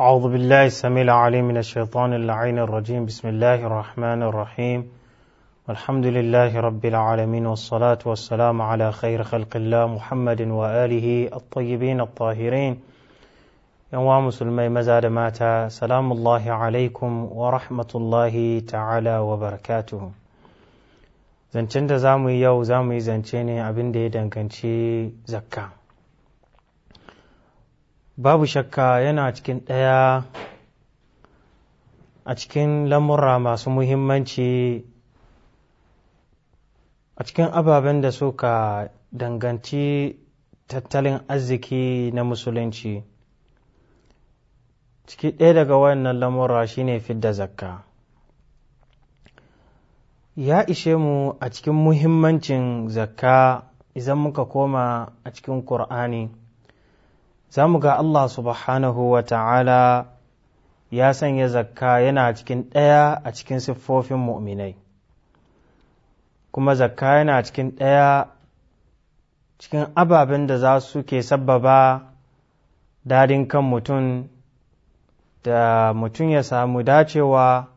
أعوذ بالله السميع العليم من الشيطان اللعين الرجيم بسم الله الرحمن الرحيم والحمد لله رب العالمين والصلاة والسلام على خير خلق الله محمد وآله الطيبين الطاهرين يوم مسلمي مزاد ماتا سلام الله عليكم ورحمة الله تعالى وبركاته zancen زامي يو زامي زنچيني أبن za mu زكاً babu shakka yana cikin ɗaya a cikin lamurra masu muhimmanci a cikin ababen da suka danganci tattalin arziki na musulunci ciki ɗaya daga wannan lamurra shine fidda zakka ya ishe mu a cikin muhimmancin zakka idan muka koma a cikin ƙur'ani za mu ga Allah subhanahu wa ta'ala ya sanya zakka yana cikin ɗaya a cikin siffofin mu'minai kuma zakka yana cikin ɗaya cikin ababen da za su ke sababa dadin kan mutum da mutum ya samu dacewa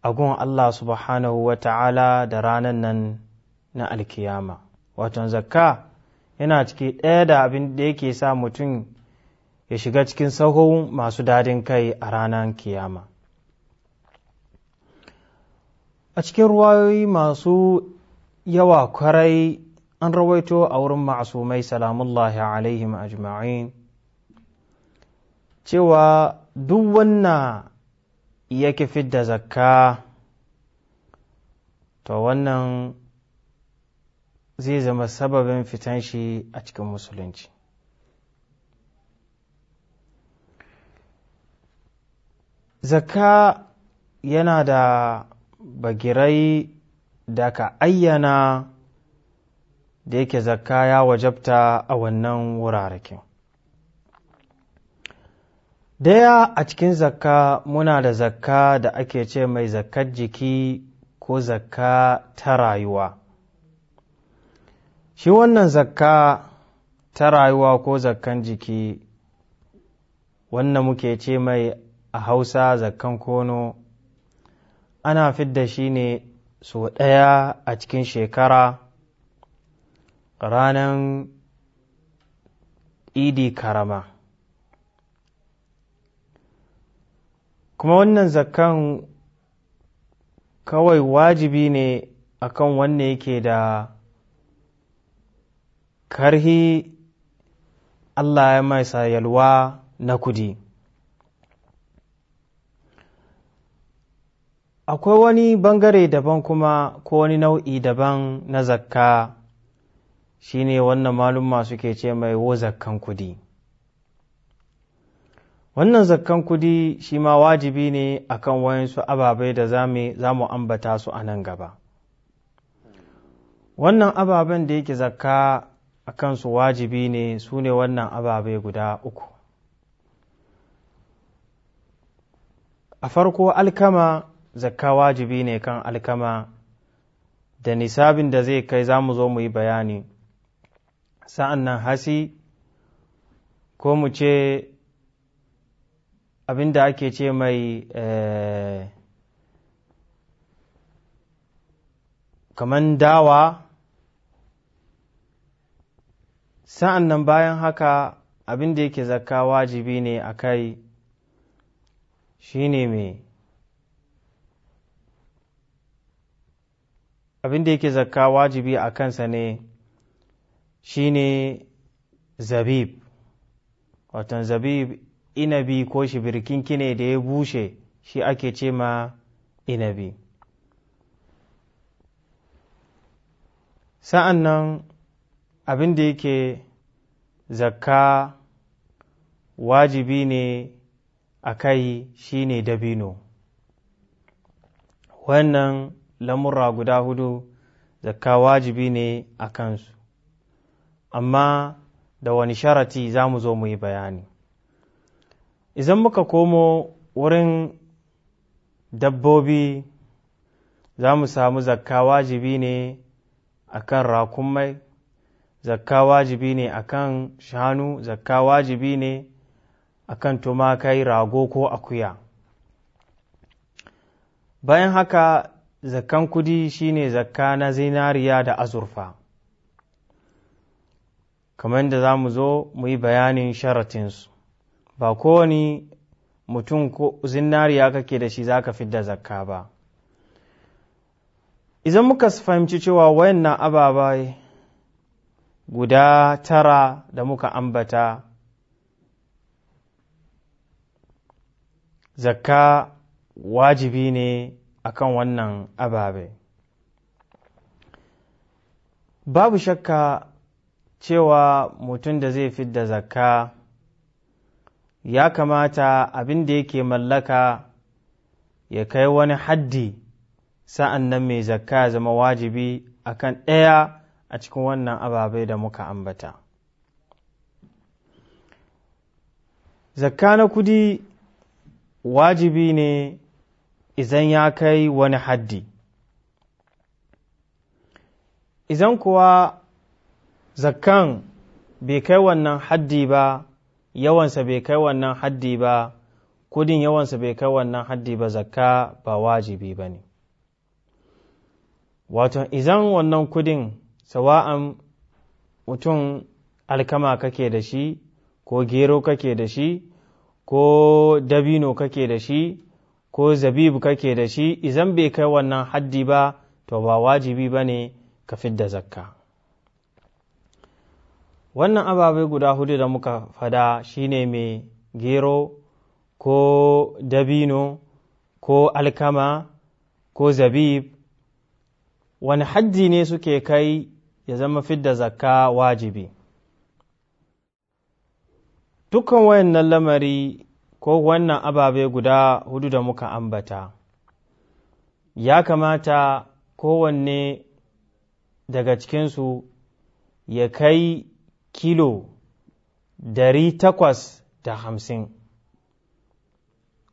a gun Allah subhanahu wa ta'ala da ranar nan na alkiyama waton zakka yana ciki ɗaya da abin da yake sa mutum ya shiga cikin sahun masu dadin kai a ranar kiyama a cikin ruwayoyi masu yawa kwarai an rawaito a wurin ma'asumai salamullahi alaihim ajma'in cewa duk wannan yake fidda zakka to wannan zai zama sababin fitan shi a cikin musulunci Zaka yana da bagirai da ka ayyana da yake zakka ya wajabta a wannan wurarakin daya a cikin zakka muna da zakka da ake ce mai zakkar jiki ko zakka ta rayuwa shi wannan zakka ta rayuwa ko zakkan jiki wannan muke ce mai a hausa zakkan kono ana fidda shi ne so ɗaya a cikin shekara ranar idi karama kuma wannan zakkan kawai wajibi ne akan wanne yake da karhi Allah ya maisa yalwa na kudi akwai wani bangare daban kuma ko wani nau'i daban na zakka shine wannan malumma suke ce mai wo zakkan kudi wannan zakkan kudi shi ma wajibi ne akan wayansu ababai da za mu ambata su a nan gaba wannan ababen da yake zakka a kansu wajibi ne su ne wannan ababe guda uku a farko alkama zakka wajibi ne kan alkama da nisabin da zai kai za mu zo mu yi bayani sa'an nan hasi ko mu ce abin da ake ce mai eh, kaman dawa sa'an nan bayan haka abin da yake zakka wajibi ne a kai shi ne mai abin da yake zakka wajibi a kansa ne shi ne zabib watan zabib inabi ko shibirkin kine da ya bushe shi ake ce ma inabi sa'an nan abin da yake zakka wajibi ne a kai shi ne dabino wannan lamurra guda hudu zakka wajibi ne a kansu amma da wani sharati za mu zo mu yi bayani idan muka komo wurin dabbobi za mu samu zakka wajibi ne a kan rakumai zakka wajibi ne akan shanu zakka wajibi ne akan tumakai rago ko akuya bayan haka zakkan kudi shine zakka na zinariya da azurfa kamar da za mu zo mu yi bayanin sharatinsu ba kowane mutum ko zinariya kake da shi za ka fi da zakka ba idan muka fahimci cewa wayanna ababai guda tara da muka ambata zakka wajibi ne akan wannan ababe babu shakka cewa mutum da zai fidda zakka ya kamata abin da yake mallaka ya kai wani haddi sa'an nan mai zakka ya zama wajibi akan ɗaya a cikin wannan ababai da muka ambata zakka na kudi wajibi ne izan ya kai wani haddi izan kuwa zakkan bai kai wannan haddi ba yawansa bai kai wannan haddi ba kudin yawansa bai kai wannan haddi ba zakka ba wajibi ba ne wato izan wannan kudin sawa'an mutum alkama kake da shi ko gero kake da shi ko dabino kake da shi ko zabibu kake da shi izan bai kai wannan haddi ba to ba wajibi ba ne ka fidda zakka wannan ababe guda hudu da muka fada shine mai gero ko dabino ko alkama ko zabib wani haddi ne suke kai ya zama fidda zakka wajibi dukkan wayannan lamari ko wannan ababe guda hudu da muka ambata ya kamata kowanne daga cikinsu ya kai kilo dari takwas da hamsin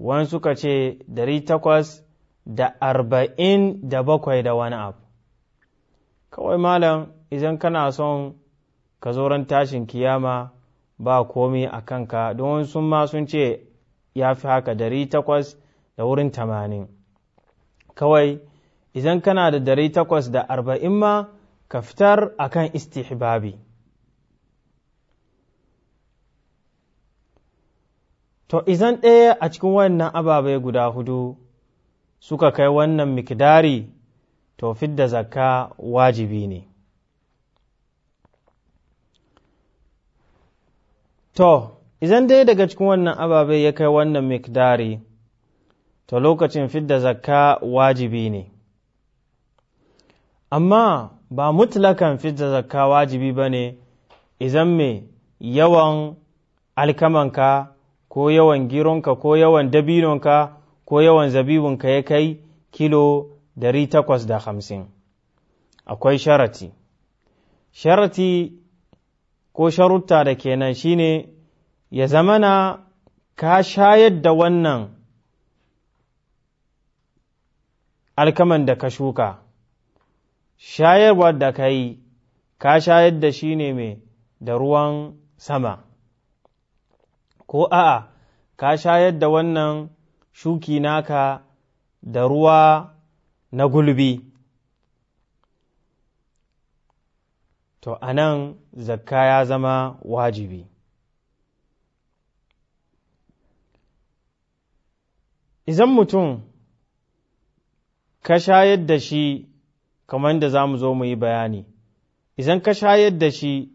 wani suka ce dari takwas da arba'in da bakwai da wani abu kawai malam idan kana son ka zo ran tashin kiyama ba komi a kanka don sun ma sun ce ya fi haka dari takwas da wurin tamanin kawai idan kana da dari takwas da arba'in ma ka fitar a kan istihbabi to idan ɗaya a cikin wannan ababai guda hudu suka kai wannan mikidari. to fidda zakka wajibi ne to idan dai daga cikin wannan ababe ya kai wannan mikdari to lokacin fidda zakka wajibi ne amma ba mutlakan fidda zakka wajibi ba ne idan mai yawan alkamanka ko yawan gironka ko yawan dabinonka ko yawan zabibinka ya kai kilo dari takwas da hamsin akwai sharati sharati ko sharutta da kenan shine ya zamana ka shayar da wannan alkaman da ka shuka shayarwa da ka yi ka shayar da shi ne mai da ruwan sama ko a'a ka shayar da wannan shuki naka da ruwa na gulbi to a nan zakka ya zama wajibi izan mutum ka shayar da shi kamar da za mu zo mu yi bayani izan ka shayar da shi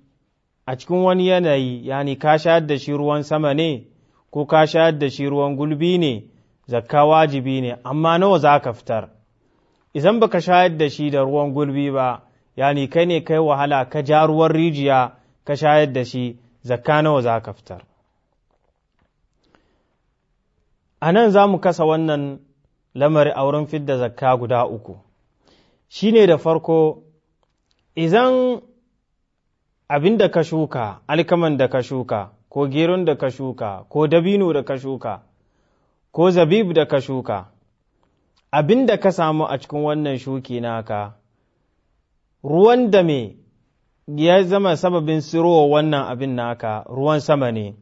a cikin wani yanayi yani ka shayar da shi ruwan sama ne ko ka shayar da shi ruwan gulbi ne zakka wajibi ne amma nawa za ka fitar idan baka shayar da shi da ruwan gulbi ba yani kai ne kai wahala ka ja ruwan rijiya ka shayar da shi zakka nawa za ka fitar a nan za mu kasa wannan lamari a wurin fidda zakka guda uku shi ne da farko idan abin da ka shuka alkaman da ka shuka ko geron da ka shuka ko dabino da ka shuka ko zabib da ka shuka abin da ka samu a cikin wannan shuki naka ruwan da me ya zama sababin sirowa wannan abin naka ruwan sama ne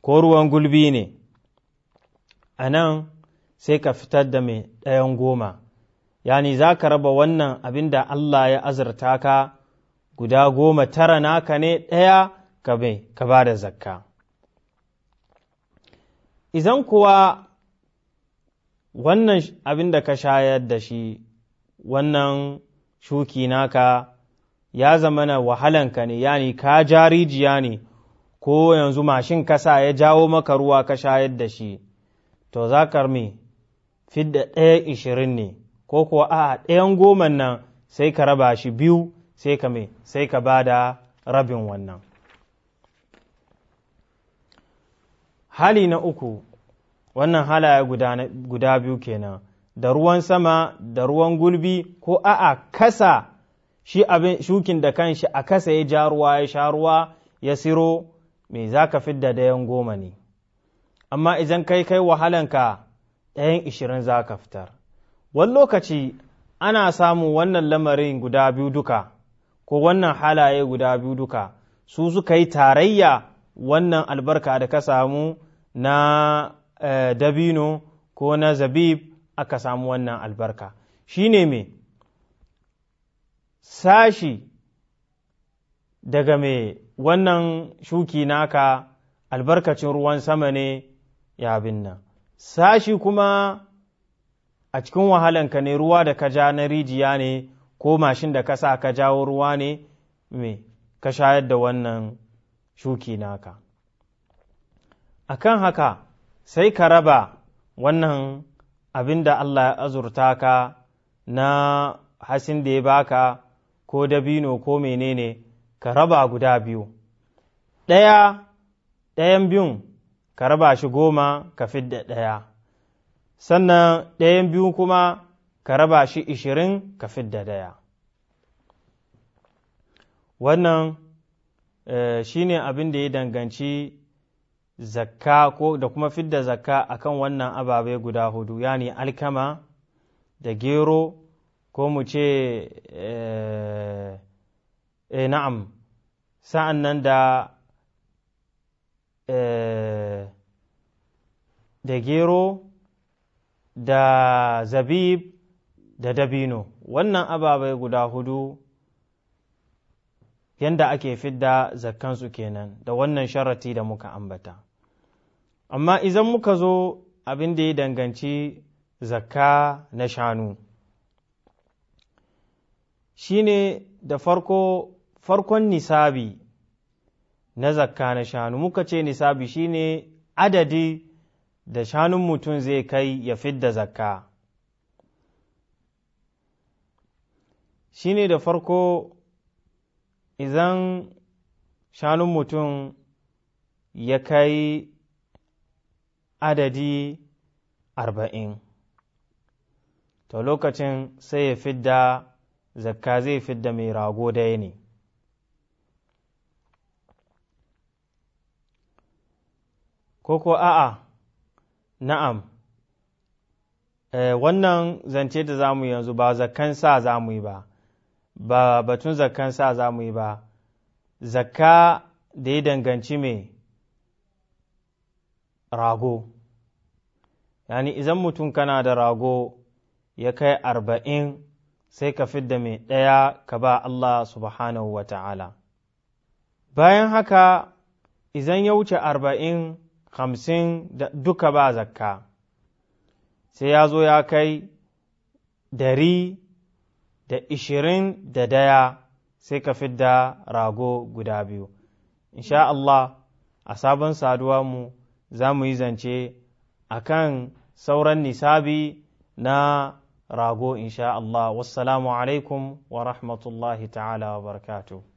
ko ruwan gulbi ne a nan sai ka fitar da mai ɗayan goma yani za ka raba wannan abin da Allah ya azurta ka guda goma tara naka ne ɗaya ka bai ka ba da zakka. Izan kuwa wannan abin da ka shayar da shi wannan shuki naka ya zama na wahalanka ne yani ka jarijiya ne ko yanzu mashin kasa ya jawo maka ruwa ka shayar da shi to za ka me da ɗaya ishirin ne ko kuwa a ɗayan goman nan sai ka raba shi biyu sai ka me sai ka ba da rabin wannan hali na uku wannan halaye guda biyu kenan da ruwan sama da ruwan gulbi ko a'a kasa shi abin shukin da kanshi a kasa ya ja ruwa ya sha ruwa ya siro me za ka fidda dayan goma ne amma idan kai kai wahalanka ɗayan ishirin za ka fitar wani lokaci ana samun wannan lamarin guda biyu duka ko wannan halaye guda biyu duka su suka yi tarayya wannan albarka da ka samu na Eh, dabino ko na zabib aka samu wannan albarka shi ne me sashi daga mai wannan shuki naka albarkacin ruwan sama ne ya binna sashi kuma a cikin wahalanka ne ruwa da ka ja na rijiya ne ko mashin da ka sa ka jawo ruwa ne me ka shayar da wannan shuki naka akan haka sai ka raba wannan abin da Allah ya azurta ka na hasin da ya baka ko dabino ko menene ka raba guda biyu ɗaya ɗayan biyun ka raba shi goma ka da ɗaya sannan ɗayan biyu kuma ka raba shi ishirin ka da ɗaya wannan eh, shi ne abin da ya danganci zakka ko da kuma fidda zakka a kan wannan ababe guda hudu yani alkama da gero ko mu ce e, na'am sa'an nan da eh, da gero da zabib da dabino wannan ababai guda hudu yanda ake fidda zakkansu kenan da wannan sharati da muka ambata amma izan muka zo abin da ya danganci zakka na shanu shine da farko farkon nisabi na zakka na shanu muka ce nisabi shine adadi da shanun mutum zai kai ya fidda zakka shine da farko idan shanun mutum ya kai adadi arba'in to lokacin sai ya fidda zakka zai fidda mai rago daya ne ko ko a'a na'am eh, wannan zance da zamu yanzu ba zakkan sa za mu yi ba ba batun zakkan sa za mu yi ba zakka da ya danganci mai rago yani izan mutum kana da rago ya kai arba'in sai ka fidda mai ɗaya ka ba Allah subhanahu wa ta'ala bayan haka izan ya wuce arba'in hamsin duka ba zakka sai ya zo ya kai dari da ishirin da daya sai ka fidda rago guda biyu insha Allah a sabon saduwa mu za mu yi zance a kan sauran nisabi na rago insha Allah wassalamu alaikum wa rahmatullahi ta'ala wa barakatuh